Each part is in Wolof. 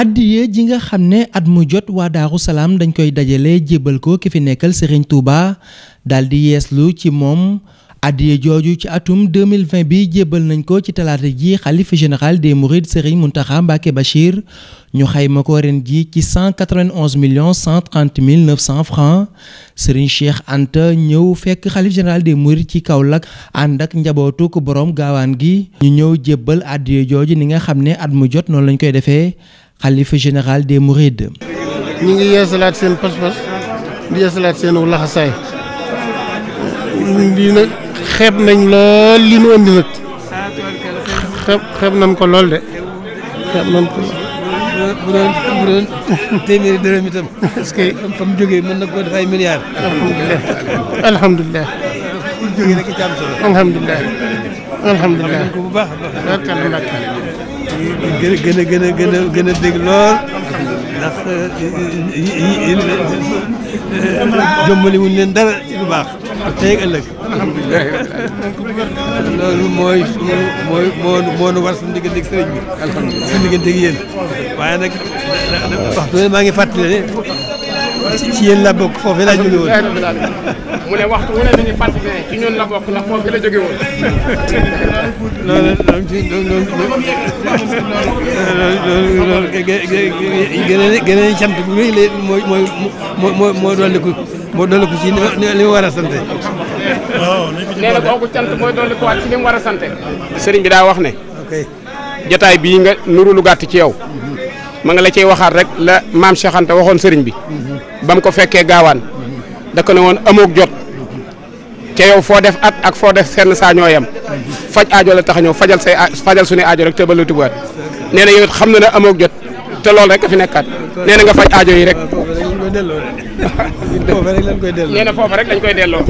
addiye ji nga xam ne at mu jot waa daaru salaam dañ koy dajale jébbal ko ki fi nekkal Serigne Touba daal di yeeslu ci moom addiye jooju ci atum 2020 bi jébbal nañ ko ci talaata ji xalifa général des mourides Serigne Mountakha Mbacké Bachir ñu xayma ko ren ji ci million millions 130 mille 900 francs Serigne Cheikh Anta ñëw fekk xalif général des mourides ci kaw Kaolack ànd ak njabootu ko borom gaawaan gi ñu ñëw jébbal addiye jooju ni nga xam ne at mu jot noonu lañ koy defee xalifa général mu Mourides. ñu ngi yeesalaat seen pas-pas di yeesalaat seen wu laxasaay lii nag xeeb nañ lool li nu andi nag xeeb xeeb nañ ko lool de xeeb nañ ko lool. bu doon dërëm itam. est-ce que fa mu ko def ay milliards. alhamdulilah alhamdulilah. gën a gën gën a gën a dégg lool ndax euh, euh, euh, jombali leen dara ci lu baax tey ak ëllëg loolu mooy sunu mooy moo moo nu war suñu digganteeg sëriñ bi alhamdulilah digganteeg yéen waaye nag waxtu ne maa ngi fàttali ne ci yéen la bokk foofu laa jóge woon mu ne waxtu wu ne dañuy fàttali ne ci ñun la bokk ndax foofu la jóge woon loolu gën a sant bu rëy mooy mooy moo moo moo dolliku ci li mu a ci li mu war a sant. sëriñ bi daa wax ne. jataay bii nga nuru lu gàtt ci yow. ma nga la cay waxaat rek la maam Cheikh waxoon sëriñ bi. ba ko fekkee gaawaan. da ne woon amoog jot. te yow foo def at ak foo def senn saa ñoo faj aajo la tax a ñëw fajal say fajal suñu aajo rek tëbal la tubaat nee na yow it xam na ne amoog jot te loolu rek a fi nekkaat nee na nga faj aajo yi rek. nee na foofa rek dañ koy delloo.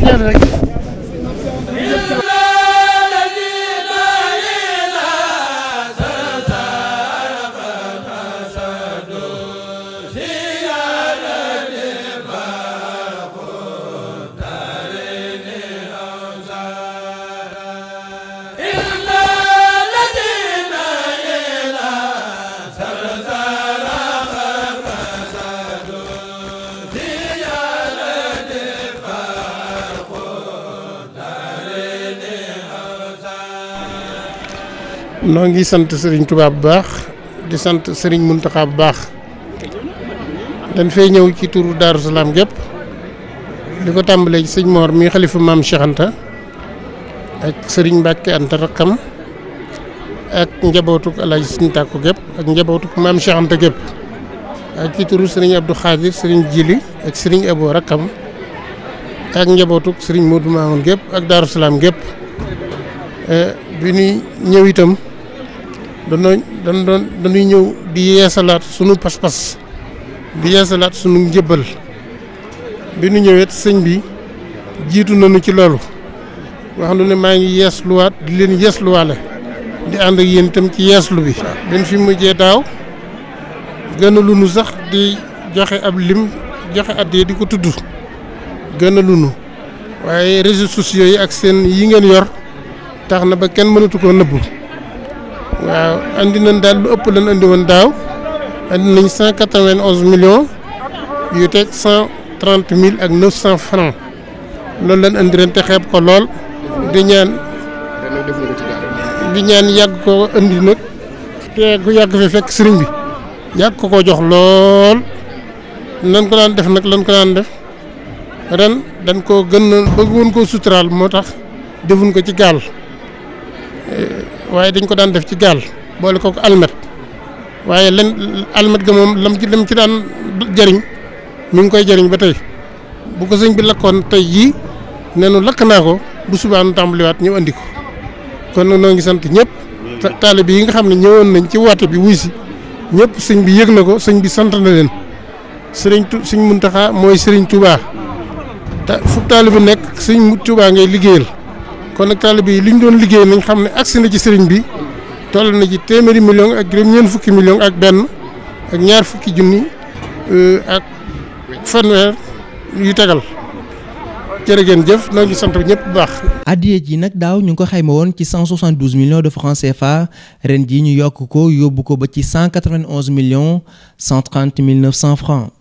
noo ngi sant sëriñ tubaab bu baax di sant Serigne Mountakha bu baax dañ fay ñëw ci turu Darou gépp li ko tàmbalee ci sëñ Mor mi xalifa maam Cheikh Anta ak Serigne Mbacke Anta rakkam ak njabootuk Alaaji Sëñ Tàkku gépp ak njabootuk maam Cheikh Anta gépp ak ci turu Serigne Abdou Khadir Serigne Jili ak sëriñ Abo rakkam ak njabootuk Serigne Modou Mamoun gépp ak Darou Salaam gépp eh, bi ñuy ñëw itam. danoo dan doon dañuy ñëw di yeesalaat sunu pas-pas di yeesalaat sunu njëbbal bi nu ñëwet sëñ bi jiitu nañu ci loolu wax nu ne maa ngi yeesluwaat di leen yeesluwaale di ànd ak yéen itam ci yeeslu bi bin fi mujjee daaw lu nu sax di joxe ab lim joxe addee di ko tudd gënalu nu waaye réseaux sociaux yi ak seen yi ngeen yor tax na ba kenn mënatu koo nëbbu waaw andi nañ daal lu ëpp lañ andi woon daaw andi nañ cent quatre-vingt-onze millions yu teg cent trente ak neuf cent francs loolu lañ andi ren te xeeb ko lool di ñaan di ñaan yàgg ko andi nag te ku yàgg fi fekk sëriñ bi yàgg ko ko jox lool nan ko daan def nag lan ko daan def ren dañ ko gën a bëgg woon koo suturaal moo tax defuñ ko ci gaal waaye dañ ko daan def ci gaal boole ko almet waaye len almet ga moom lam ci dem ci daan jëriñ mu ngi koy jëriñ ba tey bu ko sëñ bi lakkoon tey jii nee nu lakk naa ko bu subaa nu tàmbaliwaat ñu andi ko kon noo ngi sant ñëpp taalibe yi nga xam ne ñëwoon nañ ci woote bi wuy si ñëpp sëñ bi yëg na ko sëñ bi sant na leen sëriñ tu sëñ Muntaxa mooy sëriñ Tuubaa te fu taalibe nekk suñ Tuubaa ngay liggéeyal kon nag taalibe yi li ñu doon liggéey nañ xam ne agsi na ci sëriñ bi toll na ci téeméeri million ak juróom-ñeent fukki million ak benn ak ñaar fukki junni euh, ak fanweer yu tegal jërë ngeen jëf ñoo ngi sant ñëpp bu baax. addiya ji nag daaw ñu ngi ko xayma woon ci 172 millions de francs CFA ren jii ñu yokk ko yóbbu ko ba ci 191 millions 130 mille 900 francs.